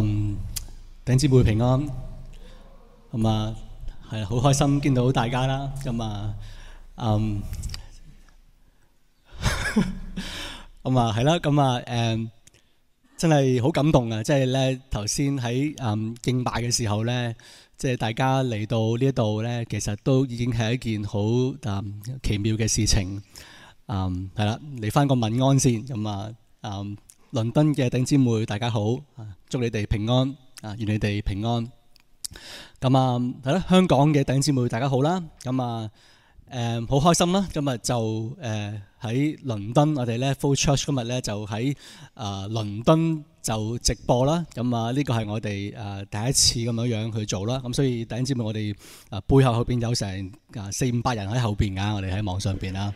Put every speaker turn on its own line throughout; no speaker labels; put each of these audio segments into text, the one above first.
嗯，弟姊妹平安，咁啊，係好開心見到大家啦。咁啊，嗯，咁啊，係啦。咁啊，誒，真係好感動啊！即係咧，頭先喺嗯敬拜嘅時候咧，即係大家嚟到呢度咧，其實都已經係一件好誒奇妙嘅事情。嗯，係啦，嚟翻個問安先。咁啊，嗯。倫敦嘅頂姊妹，大家好，祝你哋平安啊！願你哋平安。咁啊，係、嗯、啦，香港嘅頂姊妹，大家好啦。咁、嗯、啊，誒，好開心啦！今日就誒喺倫敦，我哋咧 Full Church 今日咧就喺啊倫敦就直播啦。咁啊，呢個係我哋誒第一次咁樣樣去做啦。咁所以頂姊妹，我哋誒背後後邊有成啊四五百人喺後邊噶，我哋喺網上邊啊。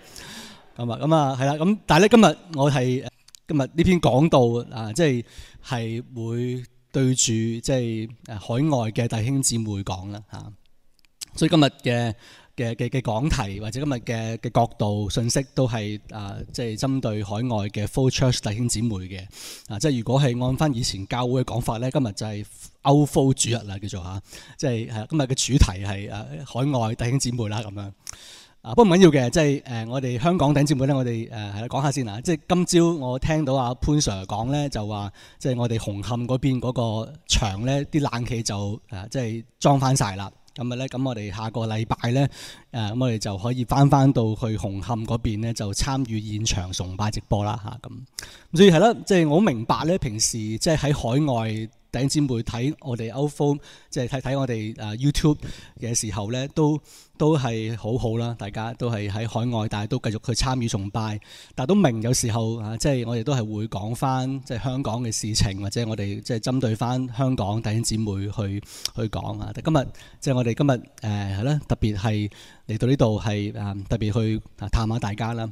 咁、嗯、啊，咁、嗯、啊，係啦。咁但係咧，今日我係。今日呢篇講道啊，即係係會對住即係海外嘅弟兄姊妹講啦嚇。所以今日嘅嘅嘅嘅講題或者今日嘅嘅角度信息都係啊，即係針對海外嘅 Flow Church 弟兄姊妹嘅啊。即係如果係按翻以前教會嘅講法咧，今日就係歐 Flow 主日啦，叫做嚇、啊。即係係今日嘅主題係啊，海外弟兄姊妹啦咁樣。啊，不過唔緊要嘅，即係誒、呃，我哋香港頂尖會咧，我哋誒係啦，講、呃、下先啊。即係今朝我聽到阿、啊、潘 Sir 講咧，就話即係我哋紅磡嗰邊嗰個牆咧，啲冷氣就誒、呃、即係裝翻晒啦。咁啊咧，咁我哋下個禮拜咧。誒咁、嗯、我哋就可以翻翻到去紅磡嗰邊咧，就參與現場崇拜直播啦嚇咁。所以係啦，即係、就是、我明白咧，平時即係喺海外弟兄姊妹睇我哋歐風，即係睇睇我哋誒 YouTube 嘅時候咧，都都係好好啦。大家都係喺海外，但係都繼續去參與崇拜，但係都明有時候嚇，即、啊、係、就是、我哋都係會講翻即係香港嘅事情，或者我哋即係針對翻香港弟兄姊妹去去講啊。但今日即係我哋今日誒係啦，特別係。嚟到呢度係誒特別去探下大家啦。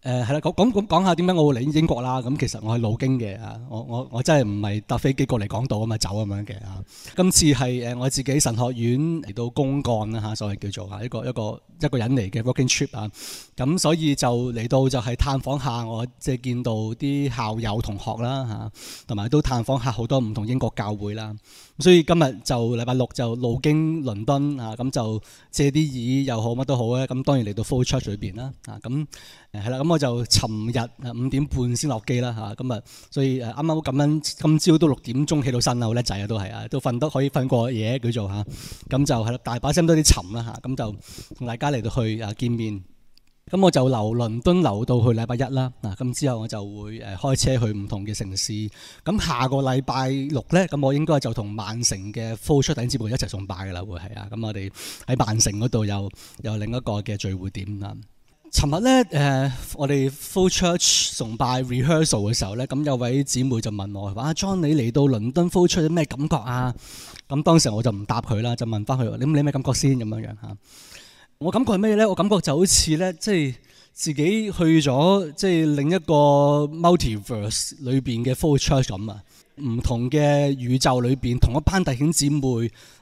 誒係啦，咁講講講下點解我會嚟英國啦？咁其實我係路經嘅啊，我我我真係唔係搭飛機過嚟港島咁嘛，走咁樣嘅啊。今次係誒我自己神學院嚟到公幹，啦嚇，所謂叫做啊一個一個一個人嚟嘅 working trip 啊。咁所以就嚟到就係探訪下我，即係見到啲校友同學啦嚇，同埋都探訪下好多唔同英國教會啦。咁所以今日就禮拜六就路經倫敦啊，咁就借啲耳，又好乜都好咧。咁當然嚟到 flow church 裏邊啦啊。咁係啦咁。number 咁我就尋日五點半先落機啦嚇，咁啊，所以誒啱啱咁樣，今朝都六點鐘起到身啊，好叻仔啊，都係啊，都瞓得可以瞓過夜叫做吓，咁就係啦，大把聲都啲沉啦吓，咁、啊、就同大家嚟到去啊見面。咁我就留倫敦留到去禮拜一啦。咁、啊、之後我就會誒開車去唔同嘅城市。咁下個禮拜六咧，咁我應該就同曼城嘅 fourth 頂尖節目一齊崇拜嘅啦，會係啊。咁我哋喺曼城嗰度又有另一個嘅聚會點啊。尋日咧，誒、呃，我哋 full church 崇拜 rehearsal 嘅時候咧，咁、嗯、有位姊妹就問我阿、啊、John 你嚟到倫敦 full 出啲咩感覺啊？咁、嗯、當時我就唔答佢啦，就問翻佢：，你你咩感覺先？咁樣樣嚇、啊，我感覺係咩咧？我感覺就好似咧，即係自己去咗即係另一個 multiverse 裏邊嘅 full church 咁啊。唔同嘅宇宙裏邊，同一班弟兄姊妹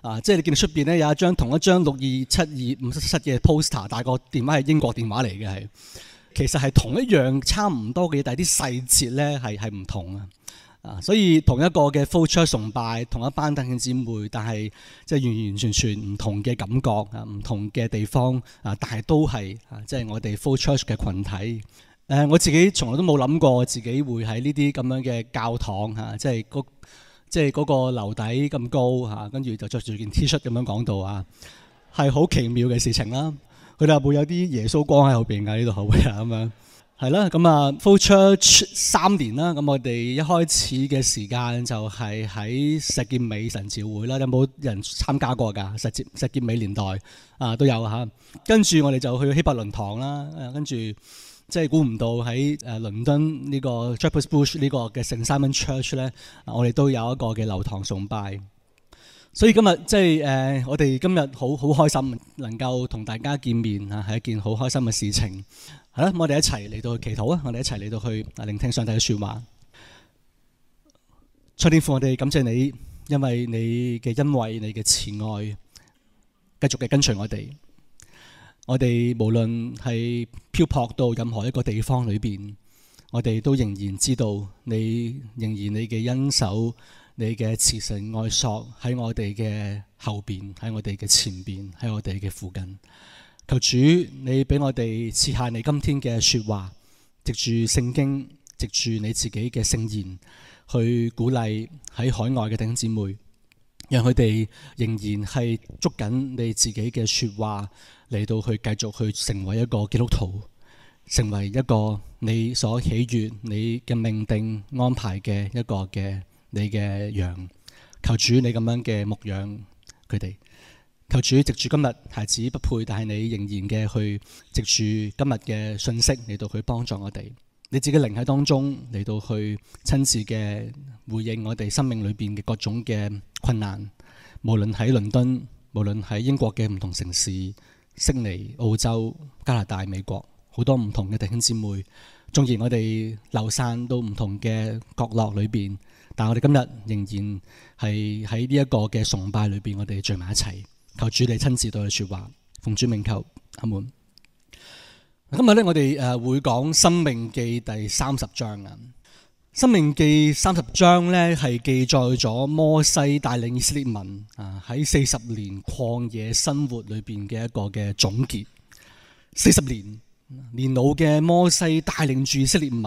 啊，即係你見到出邊咧有一張同一張六二七二五七七嘅 poster，打個電話係英國電話嚟嘅。係，其實係同一樣差唔多嘅，但係啲細節咧係係唔同啊！啊，所以同一個嘅 flow church 崇拜，同一班弟兄姊妹，但係即係完完全全唔同嘅感覺啊，唔同嘅地方啊，但係都係啊，即係我哋 flow church 嘅群體。誒，我自己從來都冇諗過自己會喺呢啲咁樣嘅教堂吓，即係嗰，即係個樓底咁高吓，跟住就着住件 T 恤咁樣講道。啊，係好奇妙嘅事情啦。佢哋會有啲耶穌光喺後邊噶？呢度會唔會啊？咁樣係啦。咁啊 flow church 三年啦。咁我哋一開始嘅時間就係喺石硖尾神召會啦。有冇人參加過噶？石石硖尾年代啊都有吓。跟住我哋就去希伯倫堂啦。跟住。即係估唔到喺誒倫敦 Shepherd's Bush 呢個嘅 St Simon's church 咧，我哋都有一個嘅流堂崇拜。所以今日即係誒、呃，我哋今日好好開心，能夠同大家見面啊，係一件好開心嘅事情。係啦，我哋一齊嚟到祈禱啊，我哋一齊嚟到去啊聆聽上帝嘅説話。主天父，我哋感謝你，因為你嘅恩惠、你嘅慈愛，繼續嘅跟隨我哋。我哋無論係漂泊到任何一個地方裏邊，我哋都仍然知道你仍然你嘅恩手，你嘅慈繩愛索喺我哋嘅後邊，喺我哋嘅前邊，喺我哋嘅附近。求主，你俾我哋賜下你今天嘅說話，藉住聖經，藉住你自己嘅聖言去鼓勵喺海外嘅弟兄姊妹，讓佢哋仍然係捉緊你自己嘅說話。嚟到去繼續去成為一個基督徒，成為一個你所喜悦、你嘅命定安排嘅一個嘅你嘅羊。求主你咁樣嘅牧養佢哋。求主藉住今日孩子不配，但係你仍然嘅去藉住今日嘅信息嚟到去幫助我哋。你自己靈喺當中嚟到去親自嘅回應我哋生命裏邊嘅各種嘅困難，無論喺倫敦，無論喺英國嘅唔同城市。悉尼、澳洲、加拿大、美國，好多唔同嘅弟兄姊妹，縱然我哋流散到唔同嘅角落裏邊，但我哋今日仍然係喺呢一個嘅崇拜裏邊，我哋聚埋一齊，求主你親自對我哋説話，奉主名求，阿們。今日咧，我哋誒會講《申命記》第三十章啊。《申命記》三十章咧，係記載咗摩西帶領以色列民啊喺四十年曠野生活裏邊嘅一個嘅總結。四十年年老嘅摩西帶領住以色列民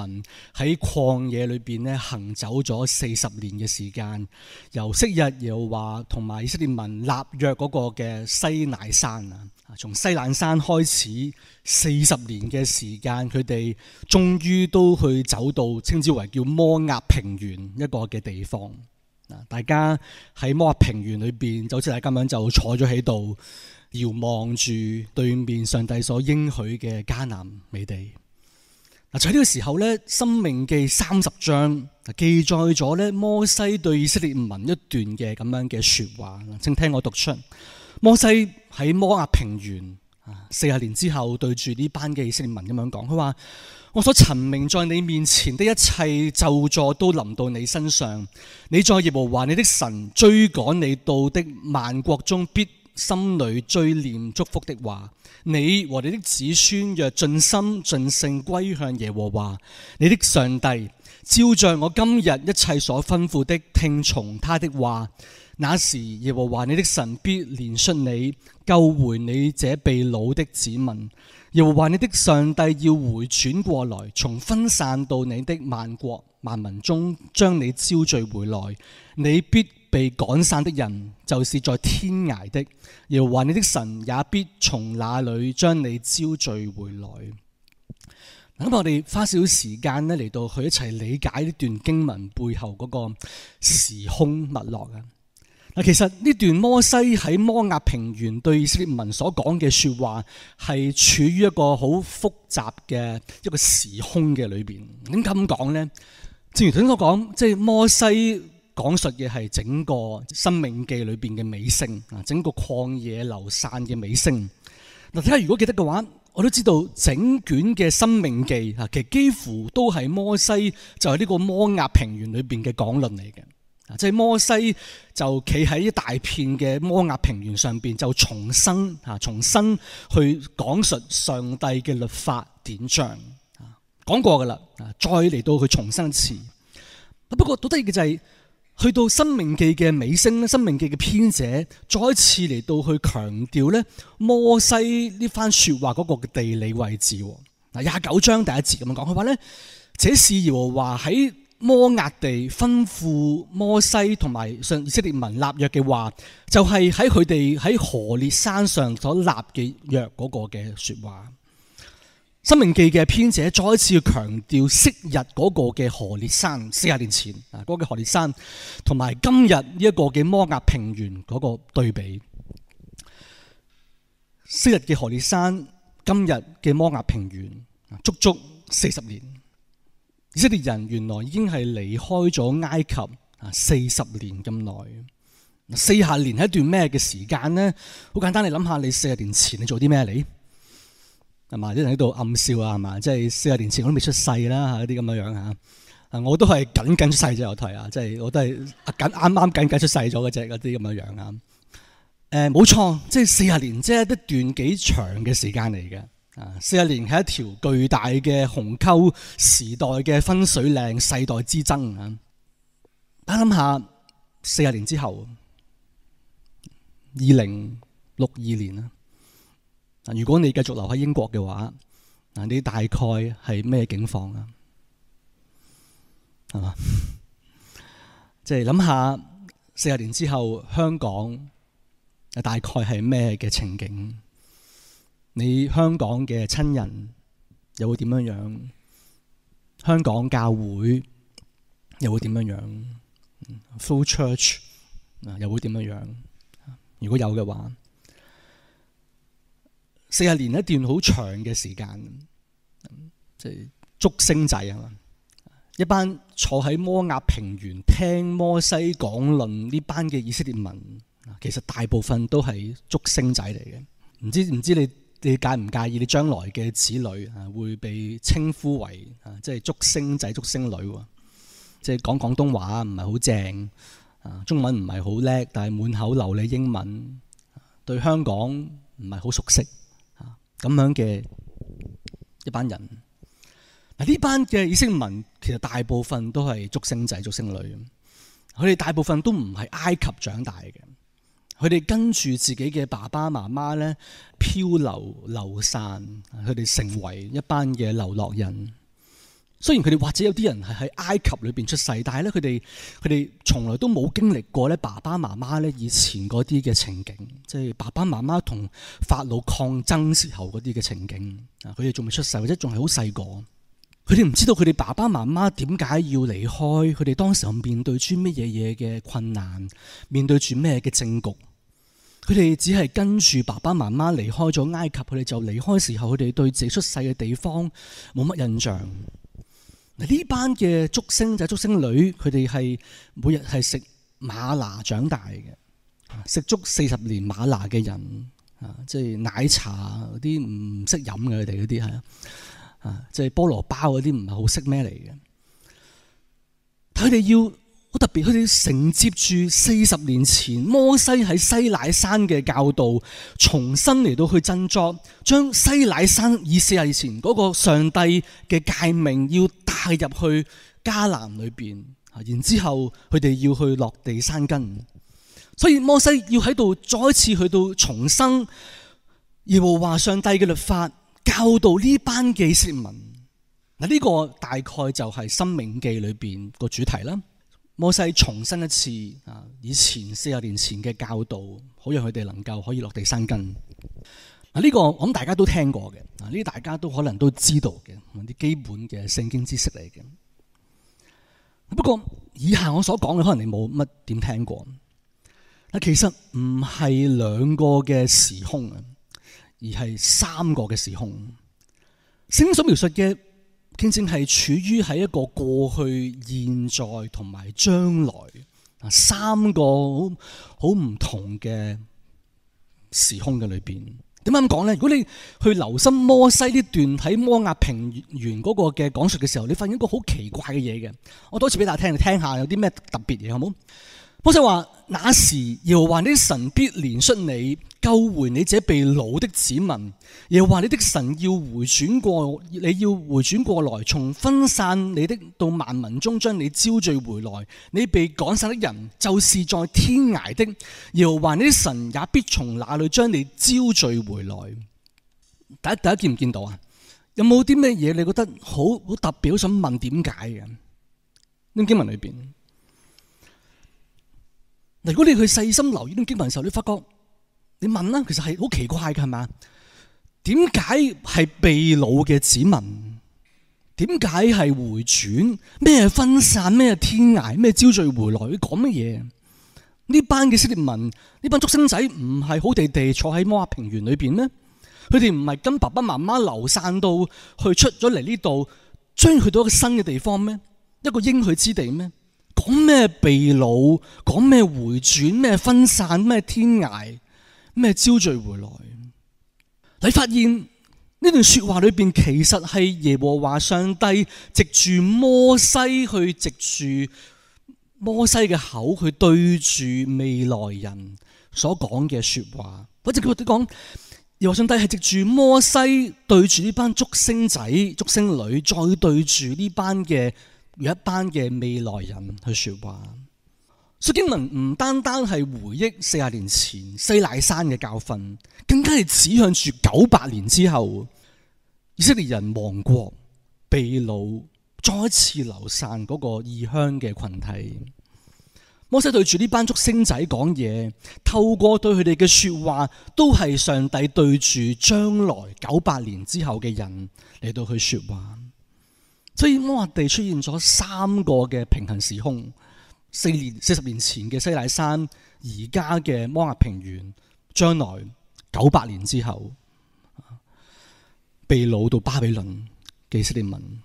喺曠野裏邊咧行走咗四十年嘅時間，由昔日耶和華同埋以色列民立約嗰個嘅西乃山啊。從西冷山開始，四十年嘅時間，佢哋終於都去走到稱之為叫摩押平原一個嘅地方。嗱，大家喺摩押平原裏邊，就好似係咁樣就坐咗喺度，遙望住對面上帝所應許嘅迦南美地。嗱，喺呢個時候咧，《申命記》三十章記載咗咧摩西對以色列民一段嘅咁樣嘅說話。請聽我讀出摩西。喺摩押平原，啊，四十年之後對住呢班嘅以色列民咁樣講，佢話：我所陳明在你面前的一切咒詛都臨到你身上。你在耶和華你的神追趕你到的萬國中，必心裏追念祝福的話。你和你的子孫若盡心盡性歸向耶和華你的上帝，照着我今日一切所吩咐的聽從他的話，那時耶和華你的神必憐恤你。救回你這被擄的子民，又話你的上帝要回轉過來，從分散到你的萬國萬民中將你招聚回來。你必被趕散的人，就是在天涯的。又話你的神也必從那裏將你招聚回來。咁我哋花少少時間呢，嚟到去一齊理解呢段經文背後嗰個時空脈絡啊。嗱，其實呢段摩西喺摩押平原對以色列民所講嘅說話，係處於一個好複雜嘅一個時空嘅裏邊。點咁講呢？正如頭先所講，即係摩西講述嘅係整個《申命記》裏邊嘅尾聲啊，整個曠野流散嘅尾聲。嗱，大家如果記得嘅話，我都知道整卷嘅《申命記》啊，其實幾乎都係摩西就係呢個摩押平原裏邊嘅講論嚟嘅。啊！即係摩西就企喺一大片嘅摩押平原上邊，就重新啊，重新去講述上帝嘅律法典章啊，講過噶啦啊，再嚟到去重新一次。啊、不過好得意嘅就係，去到生《申命記》嘅尾聲咧，《申命記》嘅編者再一次嚟到去強調咧，摩西呢番說話嗰個嘅地理位置。嗱、啊，廿九章第一節咁樣講，佢話咧：這是耶和華話喺。摩押地吩咐摩西同埋以色列民立約嘅話，就係喺佢哋喺何烈山上所立嘅約嗰個嘅說話。《申命記》嘅編者再一次要強調昔日嗰個嘅何烈山，四十年前嗰個嘅何烈山，同埋今日呢一個嘅摩押平原嗰個對比。昔日嘅何烈山，今日嘅摩押平原，足足四十年。以色列人原來已經係離開咗埃及啊四十年咁耐，四十年係一段咩嘅時間咧？好簡單，你諗下，你四十年前你做啲咩嚟？係嘛，啲人喺度暗笑啊，係嘛，即係四十年前我都未出世啦，吓啲咁樣樣吓。啊，我都係緊緊出世咗，我睇下，即係我都係緊啱啱緊，緊緊出世咗嘅啫，嗰啲咁嘅樣啊。誒，冇錯，即係四十年，即係一段幾長嘅時間嚟嘅。啊！四十年係一條巨大嘅鴻溝，時代嘅分水嶺，世代之爭啊！大家諗下，四十年之後，二零六二年啊！如果你繼續留喺英國嘅話，啊，你大概係咩境況啊？係嘛？即係諗下，四十年之後香港大概係咩嘅情景？你香港嘅親人又會點樣樣？香港教會又會點樣樣？flow church 又會點樣樣？如果有嘅話，四十年一段好長嘅時間，即係竹升仔啊嘛！一班坐喺摩押平原聽摩西講論呢班嘅以色列民，其實大部分都係竹升仔嚟嘅。唔知唔知你？你介唔介意你將來嘅子女啊，會被稱呼為啊，即係竹升仔竹升女喎？即係講廣東話唔係好正，啊中文唔係好叻，但係滿口流利英文，對香港唔係好熟悉，啊咁樣嘅一班人。嗱，呢班嘅以色列民其實大部分都係竹升仔竹升女，佢哋大部分都唔係埃及長大嘅。佢哋跟住自己嘅爸爸媽媽咧漂流流散，佢哋成為一班嘅流落人。雖然佢哋或者有啲人係喺埃及裏邊出世，但係咧佢哋佢哋從來都冇經歷過咧爸爸媽媽咧以前嗰啲嘅情景，即係爸爸媽媽同法老抗爭時候嗰啲嘅情景。啊，佢哋仲未出世，或者仲係好細個，佢哋唔知道佢哋爸爸媽媽點解要離開，佢哋當時面對住乜嘢嘢嘅困難，面對住咩嘅政局。佢哋只係跟住爸爸媽媽離開咗埃及，佢哋就離開時候，佢哋對自己出世嘅地方冇乜印象。嗱，呢班嘅竹升仔竹升女，佢哋係每日係食嗎哪長大嘅，食足四十年嗎哪嘅人，啊，即係奶茶嗰啲唔識飲嘅佢哋嗰啲係啊，即係、就是、菠蘿包嗰啲唔係好識咩嚟嘅。佢哋要。好特別，佢哋承接住四十年前摩西喺西乃山嘅教導，重新嚟到去振作，將西乃山以四十年前嗰個上帝嘅誡命要帶入去迦南裏邊，然之後佢哋要去落地生根。所以摩西要喺度再次去到重生，耶和華上帝嘅律法教導呢班嘅釋民嗱，呢、這個大概就係、是《申命記》裏邊個主題啦。摩西重申一次啊，以前四十年前嘅教導，好讓佢哋能夠可以落地生根。啊，呢個我諗大家都聽過嘅，啊呢啲大家都可能都知道嘅，啲基本嘅聖經知識嚟嘅。不過以下我所講嘅，可能你冇乜點聽過。啊，其實唔係兩個嘅時空啊，而係三個嘅時空。聖經所描述嘅。正正係處於喺一個過去、現在同埋將來啊三個好唔同嘅時空嘅裏邊。點解咁講咧？如果你去留心摩西呢段喺摩亞平原嗰個嘅講述嘅時候，你發現一個好奇怪嘅嘢嘅。我多次俾大家聽，你聽下，有啲咩特別嘢，好冇？摩西話。那時耶和華你的神必憐恤你，救回你這被擄的子民；耶和華你的神要回轉過，你要回轉過來，從分散你的到萬民中將你招聚回來。你被趕散的人，就是在天涯的；耶和華你的神也必從那裏將你招聚回來。大家大家見唔見到啊？有冇啲咩嘢你覺得好好特別想問點解嘅？呢、這個、經文裏邊？如果你去細心留意呢啲經文嘅時候，你發覺你問啦，其實係好奇怪嘅，係嘛？點解係秘魯嘅子民？點解係回轉？咩分散？咩天涯？咩朝聚回來？佢講乜嘢？呢班嘅以色列人，呢班竹升仔唔係好地地坐喺摩押平原裏邊咩？佢哋唔係跟爸爸媽媽流散到去出咗嚟呢度，終於去到一個新嘅地方咩？一個應許之地咩？講咩秘老，講咩回轉，咩分散，咩天涯，咩招聚回來。你發現呢段說話裏邊，其實係耶和華上帝藉住摩西去藉住摩西嘅口，去對住未來人所講嘅說話。或者佢哋講，耶和上帝係藉住摩西對住呢班竹星仔、竹星女，再對住呢班嘅。有一班嘅未來人去說話，所以經文唔單單係回憶四十年前西奈山嘅教訓，更加係指向住九百年之後以色列人亡國、被擄、再一次流散嗰個異鄉嘅群體。摩西對住呢班燭星仔講嘢，透過對佢哋嘅說話，都係上帝對住將來九百年之後嘅人嚟到去說話。所以摩押地出現咗三個嘅平行時空，四年四十年前嘅西乃山，而家嘅摩押平原，將來九百年之後，被擄到巴比倫嘅西利文。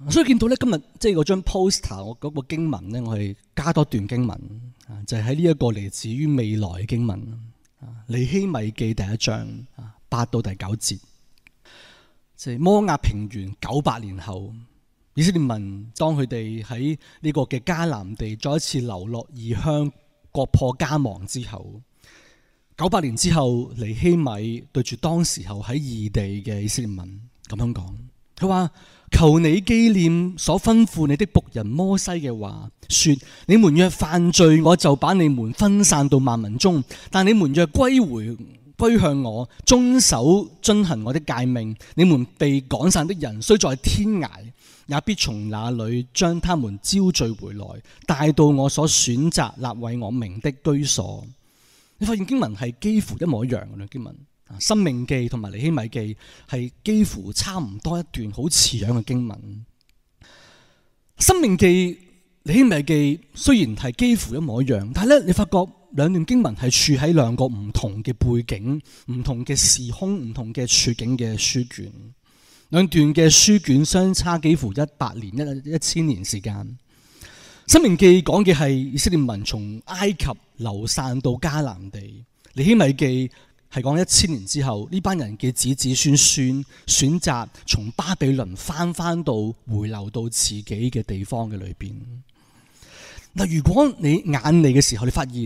嗯、所以見到咧，今日即係嗰張 poster，我嗰個經文咧，我係加多段經文，就係喺呢一個嚟自於未來嘅經文，《尼希米記》第一章啊八到第九節。摩押平原九百年後，以色列民當佢哋喺呢個嘅迦南地再一次流落異鄉、國破家亡之後，九百年之後，尼希米對住當時候喺異地嘅以色列民咁樣講，佢話：求你紀念所吩咐你的僕人摩西嘅話，說：你們若犯罪，我就把你們分散到萬民中；但你們若歸回。歸向我，遵守遵行我的誡命。你們被趕散的人，雖在天涯，也必從那裏將他們招聚回來，帶到我所選擇立為我名的居所。你發現經文係幾乎一模一樣嘅啦。經文啊，申命記同埋尼希米記係幾乎差唔多一段好似樣嘅經文。申命記、尼希米記雖然係幾乎一模一樣，但係咧，你發覺。兩段經文係處喺兩個唔同嘅背景、唔同嘅時空、唔同嘅處境嘅書卷，兩段嘅書卷相差幾乎一百年、一一千年時間。申命記講嘅係以色列文從埃及流散到迦南地，尼希米記係講一千年之後呢班人嘅子子孫孫選擇從巴比倫返返到回流到自己嘅地方嘅裏邊。嗱，如果你眼嚟嘅時候，你發現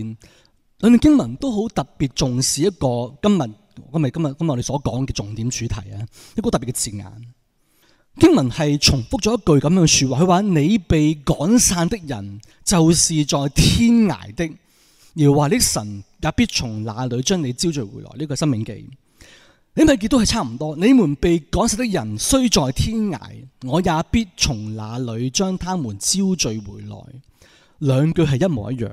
兩段經文都好特別，重視一個今日今日今日，今日我哋所講嘅重點主題啊，一個特別嘅字眼。經文係重複咗一句咁樣嘅說話，佢話你被趕散的人就是在天涯的，而話啲神也必從那裡將你招聚回來。呢、這個申命記、尼米記都係差唔多。你們被趕散的人雖在天涯，我也必從那裡將他們招聚回來。兩句係一模一樣。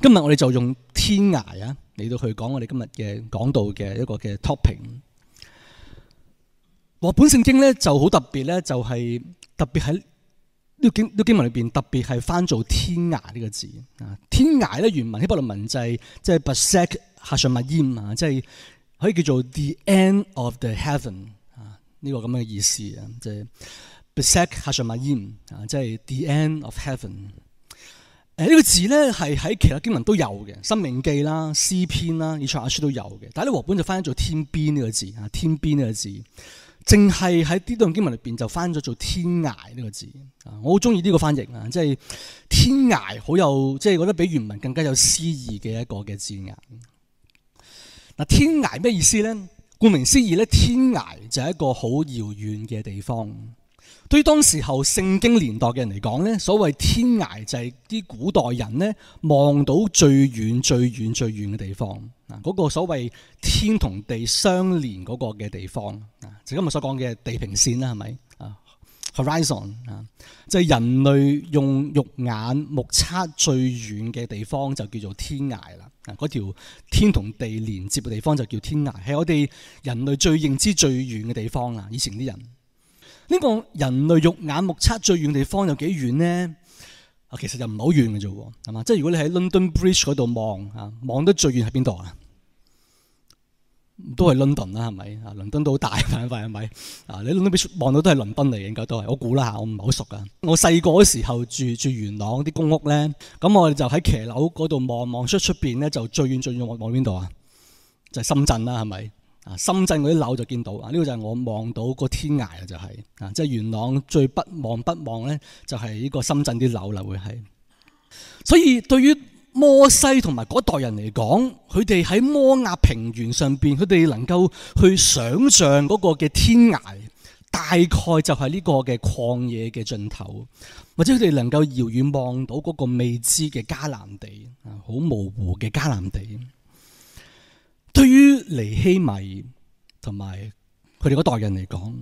今日我哋就用天涯啊嚟到去講我哋今日嘅講道嘅一個嘅 topic，我本聖經咧就好特別咧，就係特別喺呢經呢經文裏邊，特別係翻做天涯呢個字啊。天涯咧原文希伯來文就係即係 bshak ha shemayim 啊，即係可以叫做 the end of the heaven 啊，呢個咁嘅意思啊，即係。Beset，hashamayim，即係 the end of heaven，哎。誒、這、呢個字咧，係喺其他經文都有嘅，《申命記》啦，《詩篇》啦，以賽亞書都有嘅。但係呢，和本就翻咗做天邊呢個字啊，天邊呢個字，淨係喺呢段經文裏邊就翻咗做天涯呢個字啊。我好中意呢個翻譯啊，即係天涯好有，即、就、係、是、覺得比原文更加有詩意嘅一個嘅字眼。嗱，天涯咩意思咧？顧名思義咧，天涯就係一個好遙遠嘅地方。對於當時候聖經年代嘅人嚟講呢，所謂天涯就係啲古代人呢望到最遠、最遠、最遠嘅地方啊！嗰個所謂天同地相連嗰個嘅地方啊，就今日所講嘅地平線啦，係咪啊？Horizon 啊，就係人類用肉眼目測最遠嘅地方就叫做天涯啦！啊，嗰條天同地連接嘅地方就叫天涯，係我哋人類最認知最遠嘅地方啦。以前啲人。呢個人類肉眼目測最遠地方有幾遠呢？啊，其實就唔係好遠嘅啫喎，係嘛？即係如果你喺 London Bridge 嗰度望啊，望得最遠係邊度啊？都係倫敦啦，係咪啊？倫敦都好大塊，塊係咪啊？你 London Bridge 望到都係倫敦嚟嘅，應該都係。我估啦嚇，我唔係好熟嘅。我細個嗰時候住住元朗啲公屋咧，咁我哋就喺騎樓嗰度望，望出出邊咧就最遠最遠望望邊度啊？就係深圳啦，係咪？啊，深圳嗰啲樓就見到啊，呢個就係我望到個天涯啊，就係啊，即係元朗最不望不望咧，就係呢個深圳啲樓啦，會係。所以對於摩西同埋嗰代人嚟講，佢哋喺摩押平原上邊，佢哋能夠去想像嗰個嘅天涯，大概就係呢個嘅曠野嘅盡頭，或者佢哋能夠遙遠望到嗰個未知嘅迦南地啊，好模糊嘅迦南地。尼希米同埋佢哋嗰代人嚟講，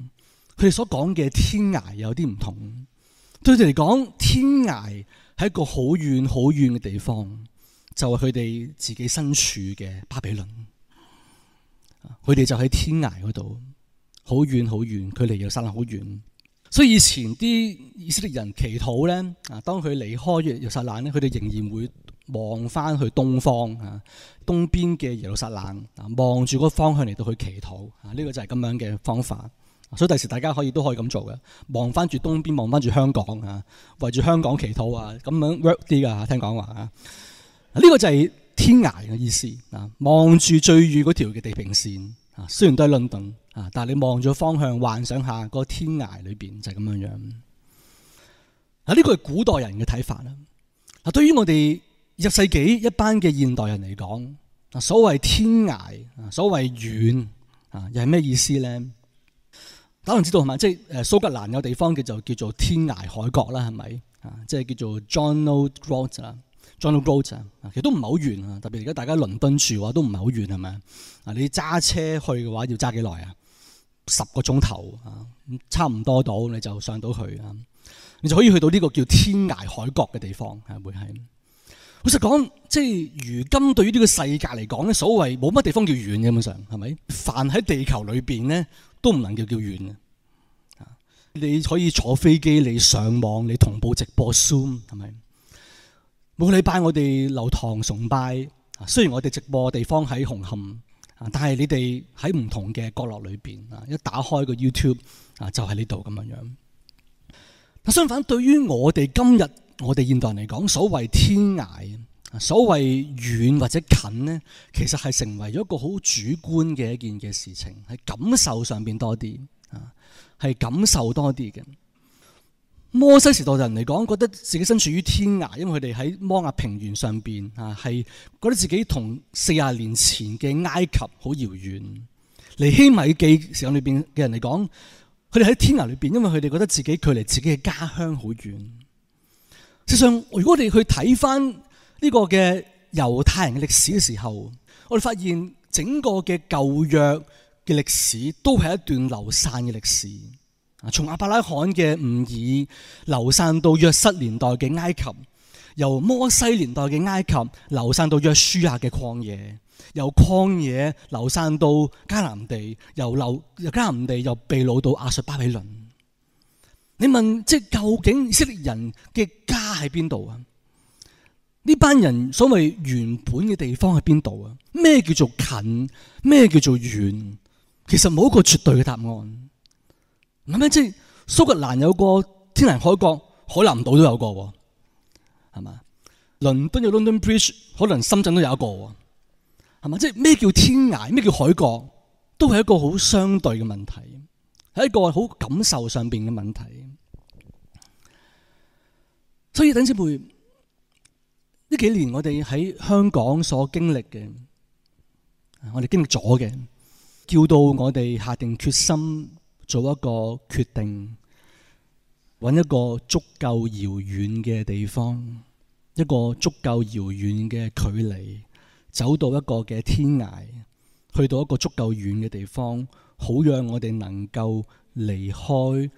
佢哋所講嘅天涯有啲唔同。對佢哋嚟講，天涯係一個好遠好遠嘅地方，就係佢哋自己身處嘅巴比倫。佢哋就喺天涯嗰度，好遠好遠，距離又山好遠。所以以前啲以色列人祈禱咧，啊，當佢離開耶路撒冷咧，佢哋仍然會望翻去東方啊，東邊嘅耶路撒冷啊，望住嗰個方向嚟到去祈禱啊，呢個就係咁樣嘅方法。所以第時大家可以都可以咁做嘅，望翻住東邊，望翻住香港啊，圍住香港祈禱啊，咁樣 work 啲噶。聽講話啊，呢個就係天涯嘅意思啊，望住最遠嗰條嘅地平線啊，雖然都係倫敦。但係你望咗方向，幻想下個天涯裏邊就係咁樣樣。啊，呢個係古代人嘅睇法啦。啊，對於我哋入世紀一班嘅現代人嚟講，啊所謂天涯，啊所謂遠，啊又係咩意思咧？可能知道係咪？即係誒蘇格蘭有地方嘅就叫做天涯海角啦，係咪？啊，即係叫做 John g r o a tJohn O’Groat 啦，John g r o a tJohn O’Groat 啊，其實都唔係好遠啊。特別而家大家倫敦住嘅話，都唔係好遠，係咪？啊，你揸車去嘅話要揸幾耐啊？十個鐘頭啊，差唔多到你就上到去啊，你就可以去到呢個叫天涯海角嘅地方啊，會係。老實講，即係如今對於呢個世界嚟講咧，所謂冇乜地方叫遠嘅，基本上係咪？凡喺地球裏邊咧，都唔能夠叫叫遠嘅。你可以坐飛機，你上網，你同步直播 Zoom，係咪？每個禮拜我哋流堂崇拜，雖然我哋直播地方喺紅磡。但係你哋喺唔同嘅角落裏邊啊，一打開個 YouTube 啊，就喺呢度咁樣樣。相反，對於我哋今日我哋現代人嚟講，所謂天涯啊，所謂遠或者近呢，其實係成為咗一個好主觀嘅一件嘅事情，係感受上邊多啲啊，係感受多啲嘅。摩西時代人嚟講，覺得自己身處於天涯，因為佢哋喺摩亞平原上邊啊，係覺得自己同四十年前嘅埃及好遙遠。尼希米記時間裏邊嘅人嚟講，佢哋喺天涯裏邊，因為佢哋覺得自己距離自己嘅家鄉好遠。事實上，如果我哋去睇翻呢個嘅猶太人嘅歷史嘅時候，我哋發現整個嘅舊約嘅歷史都係一段流散嘅歷史。從亞伯拉罕嘅吾爾流散到約瑟年代嘅埃及，由摩西年代嘅埃及流散到約書亞嘅曠野，由曠野流散到迦南地，由流由迦南地又被擄到亞述巴比倫。你問，即係究竟以色列人嘅家喺邊度啊？呢班人所謂原本嘅地方喺邊度啊？咩叫做近？咩叫做遠？其實冇一個絕對嘅答案。諗下即係蘇格蘭有個天涯海角，海南島都有個，係嘛？倫敦嘅 London Bridge，可能深圳都有一個，係嘛？即係咩叫天涯，咩叫海角，都係一個好相對嘅問題，係一個好感受上邊嘅問題。所以等小貝呢幾年我哋喺香港所經歷嘅，我哋經歷咗嘅，叫到我哋下定決心。做一個決定，揾一個足夠遙遠嘅地方，一個足夠遙遠嘅距離，走到一個嘅天涯，去到一個足夠遠嘅地方，好讓我哋能夠離開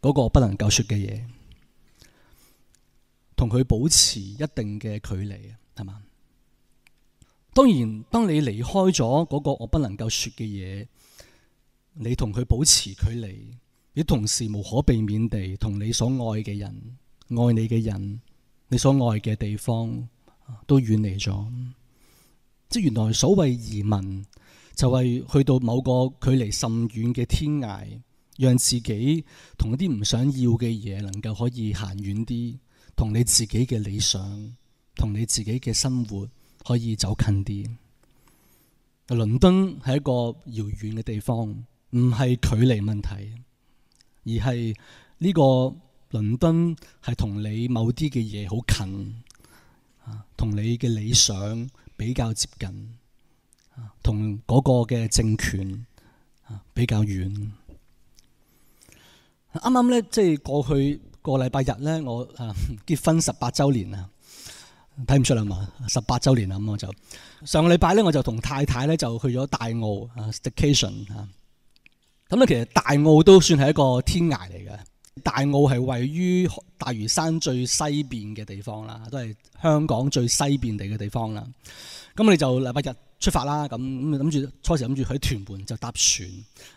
嗰個不能夠說嘅嘢，同佢保持一定嘅距離啊，係嘛？當然，當你離開咗嗰個我不能夠說嘅嘢，你同佢保持距離，你同時無可避免地同你所愛嘅人、愛你嘅人、你所愛嘅地方都遠離咗。即原來所謂移民，就係去到某個距離甚遠嘅天涯，讓自己同啲唔想要嘅嘢，能夠可以行遠啲，同你自己嘅理想，同你自己嘅生活。可以走近啲。倫敦係一個遙遠嘅地方，唔係距離問題，而係呢個倫敦係同你某啲嘅嘢好近，啊，同你嘅理想比較接近，同嗰個嘅政權啊比較遠。啱啱咧，即係過去個禮拜日咧，我啊 結婚十八週年啦。睇唔出啦嘛，十八周年啦咁我就上個禮拜咧，我就同太太咧就去咗大澳 staycation 啊。咁咧、啊，其實大澳都算係一個天涯嚟嘅。大澳係位於大嶼山最西邊嘅地方啦、啊，都係香港最西邊地嘅地方啦。咁我哋就禮拜日出發啦，咁諗住初時諗住喺屯門就搭船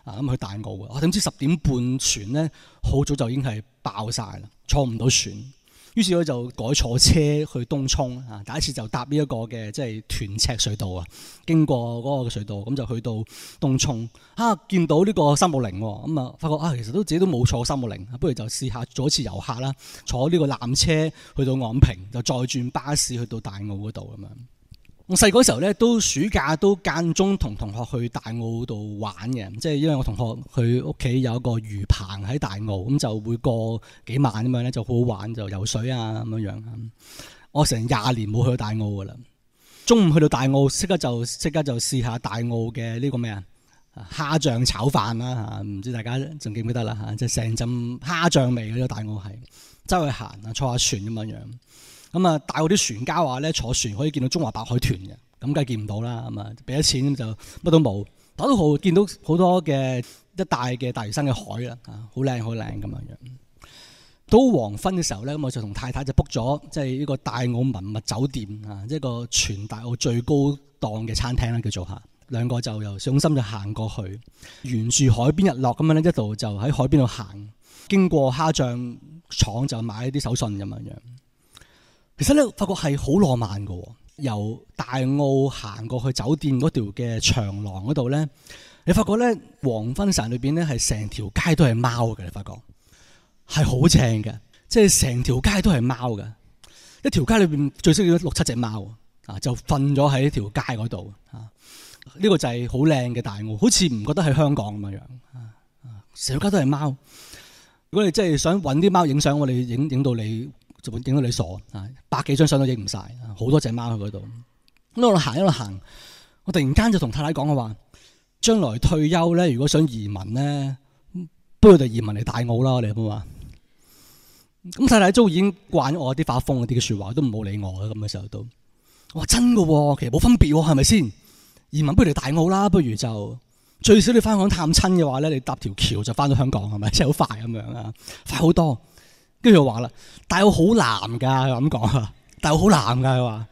啊，咁、啊、去大澳。我、啊、點知十點半船咧，好早就已經係爆晒啦，坐唔到船。於是我就改坐車去東涌啊！第一次就搭呢一個嘅即係屯赤隧道啊，經過嗰個隧道咁就去到東涌。嚇、啊，見到呢個三六零咁啊，發覺啊，其實都自己都冇坐三六零，不如就試下做一次遊客啦，坐呢個纜車去到昂坪，就再轉巴士去到大澳嗰度咁樣。啊。我細個時候咧，都暑假都間中同同學去大澳度玩嘅，即係因為我同學佢屋企有一個魚棚喺大澳，咁就會過幾晚咁樣咧就好好玩，就游水啊咁樣樣。我成廿年冇去到大澳噶啦中午去到大澳，即刻就即刻就試下大澳嘅呢個咩啊蝦醬炒飯啦，唔知大家仲記唔記得啦吓，即係成陣蝦醬味嘅大澳係，周圍行啊，坐下船咁樣樣。咁啊，大澳啲船家話咧，坐船可以見到中華白海豚嘅，咁梗係見唔到啦。咁啊，俾咗錢就乜都冇。打到好見到好多嘅一帶嘅大嶼山嘅海啦，嚇好靚，好靚咁樣樣。到黃昏嘅時候咧，咁我就同太太就 book 咗即係呢個大澳文物酒店啊，一個全大澳最高檔嘅餐廳啦，叫做嚇。兩個就由市中心就行過去，沿住海邊日落咁樣咧，一度就喺海邊度行，經過蝦醬廠就買一啲手信咁樣樣。其實咧，發覺係好浪漫噶、哦。由大澳行過去酒店嗰條嘅長廊嗰度咧，你發覺咧，黃昏時裏邊咧，係成條街都係貓嘅。你發覺係好正嘅，即係成條街都係貓嘅。一條街裏邊最少要六七隻貓啊，就瞓咗喺條街嗰度啊。呢、這個就係好靚嘅大澳，好似唔覺得係香港咁嘅樣啊！成條街都係貓。如果你真係想搵啲貓影相，我哋影影到你。就會影到你傻啊！百幾張相都影唔晒，好多隻貓喺嗰度。咁一路行一路行，我突然間就同太太講嘅話：，將來退休咧，如果想移民咧，不如就移民嚟大澳啦。我哋咁話。咁太太都已經慣我啲發瘋啲嘅說話，都唔好理我嘅咁嘅時候都。哇真嘅、哦，其實冇分別係咪先？移民不如嚟大澳啦，不如就最少你翻港探親嘅話咧，你搭條橋就翻到香港係咪？真係好快咁樣啊，快好多。跟住就話啦，大澳好難噶，佢咁講啊，大澳好難噶。佢話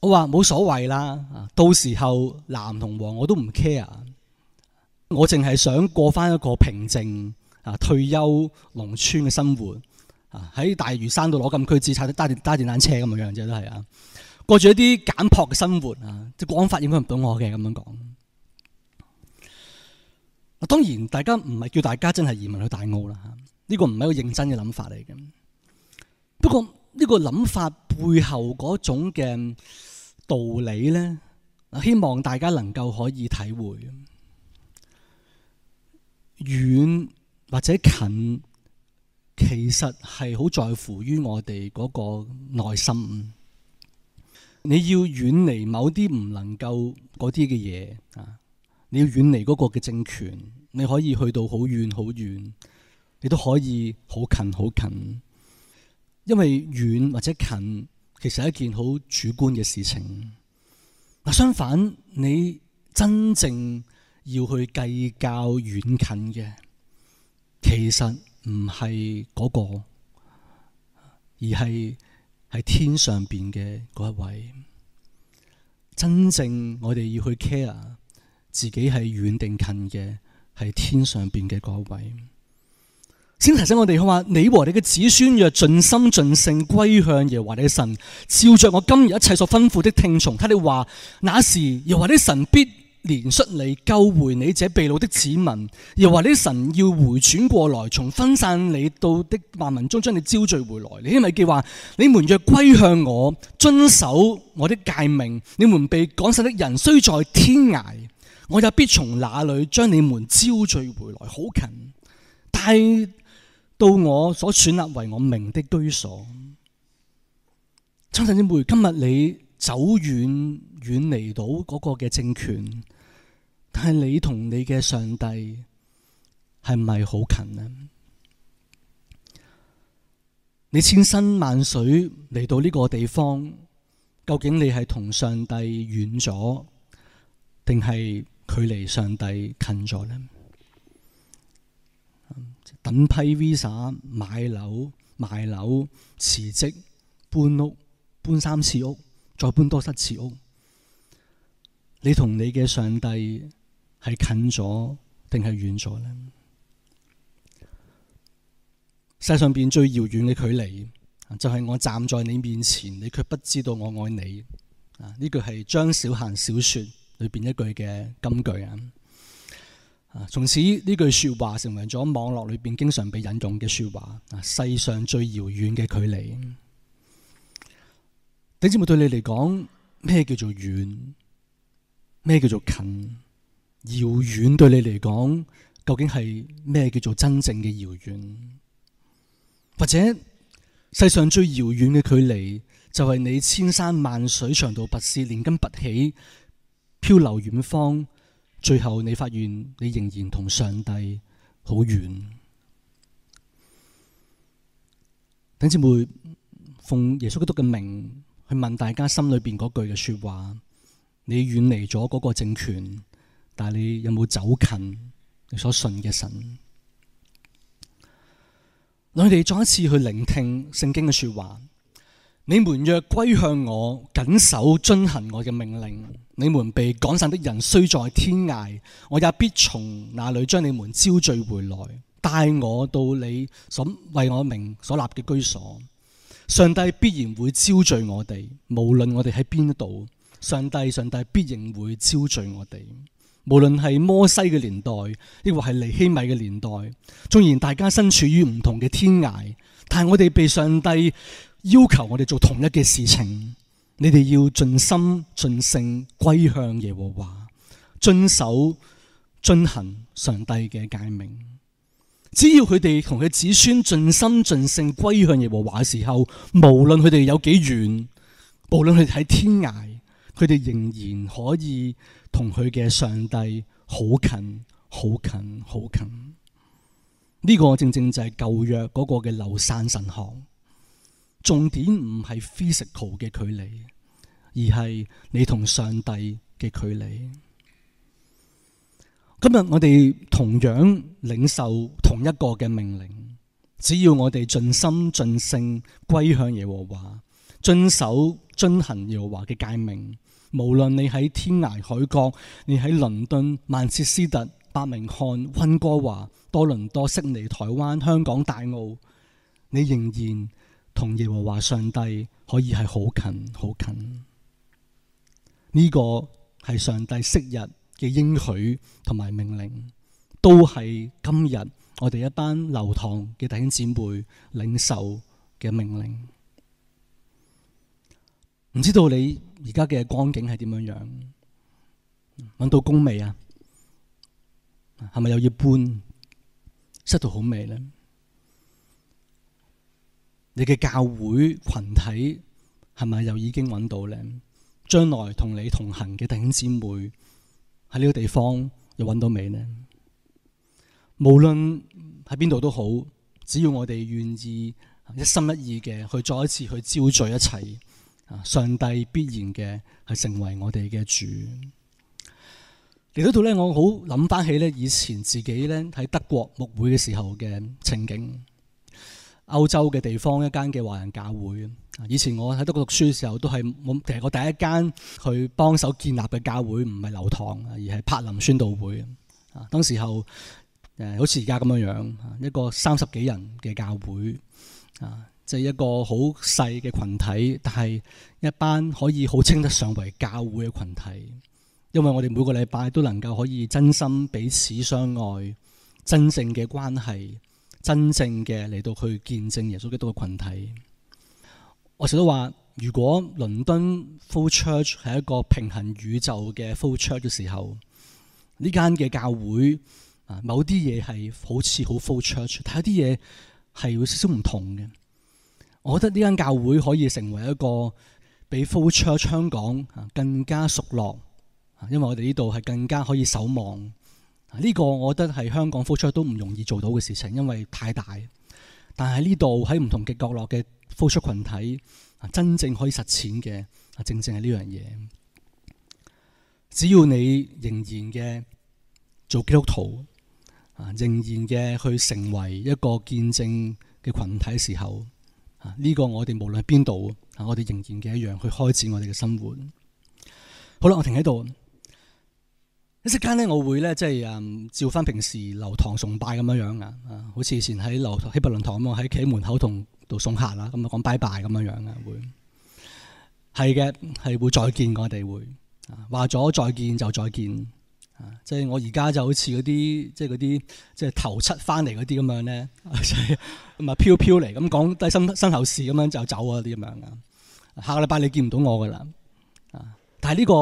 我話冇所謂啦，到時候男同黃我都唔 care，我淨係想過翻一個平靜啊退休農村嘅生活啊，喺大嶼山度攞禁區紙踩啲搭電搭電單車咁嘅樣，只都係啊，過住一啲簡樸嘅生活啊，即係國安法影響唔到我嘅咁樣講。嗱，當然大家唔係叫大家真係移民去大澳啦吓。呢個唔係一個認真嘅諗法嚟嘅，不過呢個諗法背後嗰種嘅道理咧，希望大家能夠可以體會。遠或者近，其實係好在乎於我哋嗰個內心。你要遠離某啲唔能夠嗰啲嘅嘢啊，你要遠離嗰個嘅政權，你可以去到好遠好遠。你都可以好近，好近，因為遠或者近其實係一件好主觀嘅事情。嗱，相反，你真正要去計較遠近嘅，其實唔係嗰個，而係係天上邊嘅嗰一位。真正我哋要去 care 自己係遠定近嘅，係天上邊嘅嗰一位。先提醒我哋，佢話你和你嘅子孫若盡心盡性歸向耶和華你神，照着我今日一切所吩咐的聽從，他哋話那時又話你神必憐恤你，救回你這被擄的子民；又話你神要回轉過來，從分散你到的萬民中將你招聚回來。你聽咪叫話？你們若歸向我，遵守我的誡命，你們被趕散的人雖在天涯，我又必從哪裏將你們招聚回來？好近，但係。到我所選立為我名的居所，親親姐妹。今日你走遠遠離到嗰個嘅政權，但係你同你嘅上帝係唔係好近呢？你千山萬水嚟到呢個地方，究竟你係同上帝遠咗，定係距離上帝近咗呢？等批 Visa、買樓、買樓、辭職、搬屋、搬三次屋、再搬多七次屋，你同你嘅上帝係近咗定係遠咗呢？世上邊最遙遠嘅距離，就係我站在你面前，你卻不知道我愛你。啊！呢句係張小嫻小說裏邊一句嘅金句啊！啊！從此呢句説話成為咗網絡裏邊經常被引用嘅説話。啊！世上最遙遠嘅距離，弟兄們對你嚟講咩叫做遠？咩叫做近？遙遠對你嚟講，究竟係咩叫做真正嘅遙遠？或者世上最遙遠嘅距離，就係你千山萬水長途跋涉，連根拔起，漂流遠方。最後你發現你仍然同上帝好遠，等姊妹奉耶穌基督嘅名去問大家心裏邊嗰句嘅說話：你遠離咗嗰個政權，但係你有冇走近你所信嘅神？嗯嗯、我哋再一次去聆聽聖經嘅說話：你們若歸向我，謹守遵行我嘅命令。你們被趕散的人雖在天涯，我也必從那裡將你們招聚回來，帶我到你所為我名所立嘅居所。上帝必然會招聚我哋，無論我哋喺邊一度。上帝，上帝必然會招聚我哋，無論係摩西嘅年代，亦或係尼希米嘅年代。縱然大家身處於唔同嘅天涯，但係我哋被上帝要求我哋做同一嘅事情。你哋要盡心盡性歸向耶和華，遵守、遵行上帝嘅誡命。只要佢哋同佢子孫盡心盡性歸向耶和華嘅時候，無論佢哋有幾遠，無論佢哋喺天涯，佢哋仍然可以同佢嘅上帝好近、好近、好近。呢、這個正正就係舊約嗰個嘅流散神學，重點唔係 physical 嘅距離而係你同上帝嘅距離。今日我哋同樣領受同一個嘅命令，只要我哋盡心盡性歸向耶和華，遵守、遵行耶和華嘅誡命，無論你喺天涯海角，你喺倫敦、曼徹斯特、伯明翰、溫哥華、多倫多、悉尼、台灣、香港、大澳，你仍然同耶和華上帝可以係好近，好近。呢個係上帝昔日嘅應許同埋命令，都係今日我哋一班流堂嘅弟兄姊妹領受嘅命令。唔知道你而家嘅光景係點樣樣？搵到工未啊？係咪又要搬？失到好未咧？你嘅教會群體係咪又已經搵到咧？將來同你同行嘅弟兄姊妹喺呢個地方又揾到未呢？嗯、無論喺邊度都好，只要我哋願意一心一意嘅去再一次去招聚一齊，啊，上帝必然嘅係成為我哋嘅主嚟到度咧。我好諗翻起咧以前自己咧喺德國牧會嘅時候嘅情景。歐洲嘅地方一間嘅華人教會，以前我喺德國讀書嘅時候都係，我其實我第一間去幫手建立嘅教會唔係流堂，而係柏林宣道會。啊，當時候誒、呃、好似而家咁樣樣，一個三十幾人嘅教會，啊，即、就、係、是、一個好細嘅群體，但係一班可以好稱得上為教會嘅群體，因為我哋每個禮拜都能夠可以真心彼此相愛，真正嘅關係。真正嘅嚟到去見證耶穌基督嘅群體，我成日都話，如果倫敦 flow church 係一個平衡宇宙嘅 flow church 嘅時候，呢間嘅教會啊，某啲嘢係好似好 flow church，但係啲嘢係會少少唔同嘅。我覺得呢間教會可以成為一個比 flow church 香港啊更加熟絡，因為我哋呢度係更加可以守望。呢個我覺得係香港付出都唔容易做到嘅事情，因為太大。但係呢度喺唔同嘅角落嘅付出羣體，真正可以實踐嘅，正正係呢樣嘢。只要你仍然嘅做基督徒，啊，仍然嘅去成為一個見證嘅羣體嘅時候，啊，呢個我哋無論喺邊度，啊，我哋仍然嘅一樣去開展我哋嘅生活。好啦，我停喺度。一息間咧，我會咧，即係誒，照翻平時流堂崇拜咁樣樣啊。好似以前喺流希伯倫堂咁，喺企門口同度送客啦，咁就講拜拜咁樣樣嘅會係嘅，係會再見我。我哋會話咗再見就再見啊。即係我而家就好似嗰啲即係嗰啲即係頭七翻嚟嗰啲咁樣咧，咁係飄飄嚟咁講低身身後事咁樣就走啊，啲咁樣。下個禮拜你見唔到我噶啦啊？但係呢個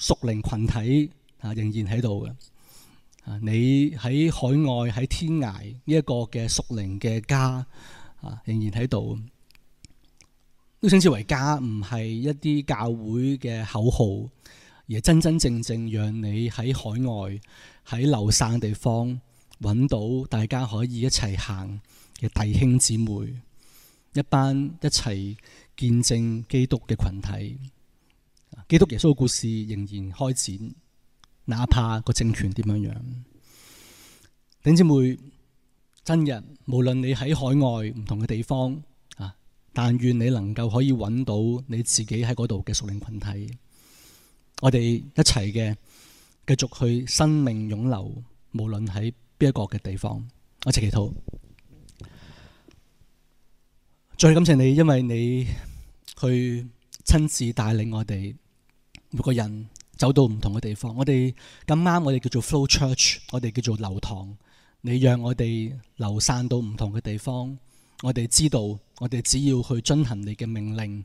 熟齡羣體。啊、這個，仍然喺度嘅。啊，你喺海外喺天涯呢一個嘅屬靈嘅家啊，仍然喺度都稱之為家，唔係一啲教會嘅口號，而係真真正正讓你喺海外喺流散地方揾到大家可以一齊行嘅弟兄姊妹一班一齊見證基督嘅群體。基督耶穌嘅故事仍然開展。哪怕個政權點樣樣，頂姊妹，真嘅，無論你喺海外唔同嘅地方啊，但願你能夠可以揾到你自己喺嗰度嘅屬靈群體，我哋一齊嘅繼續去生命湧流，無論喺邊一個嘅地方，我哋祈禱，再感謝你，因為你去親自帶領我哋每個人。走到唔同嘅地方，我哋今晚我哋叫做 flow church，我哋叫做流堂。你讓我哋流散到唔同嘅地方，我哋知道，我哋只要去遵行你嘅命令，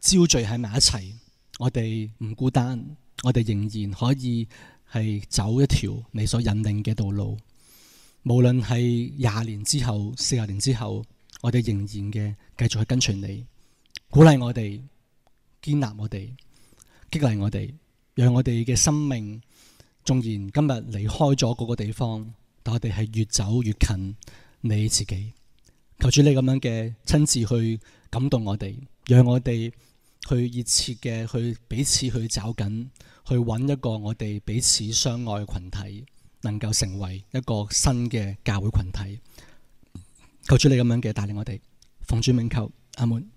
招聚喺埋一齊，我哋唔孤單，我哋仍然可以係走一條你所引領嘅道路。無論係廿年之後、四十年之後，我哋仍然嘅繼續去跟隨你，鼓勵我哋，建立我哋，激勵我哋。讓我哋嘅生命，縱然今日離開咗嗰個地方，但我哋係越走越近你自己。求主你咁樣嘅親自去感動我哋，讓我哋去熱切嘅去彼此去找緊，去揾一個我哋彼此相愛嘅群體，能夠成為一個新嘅教會群體。求主你咁樣嘅帶領我哋，奉主名求，阿門。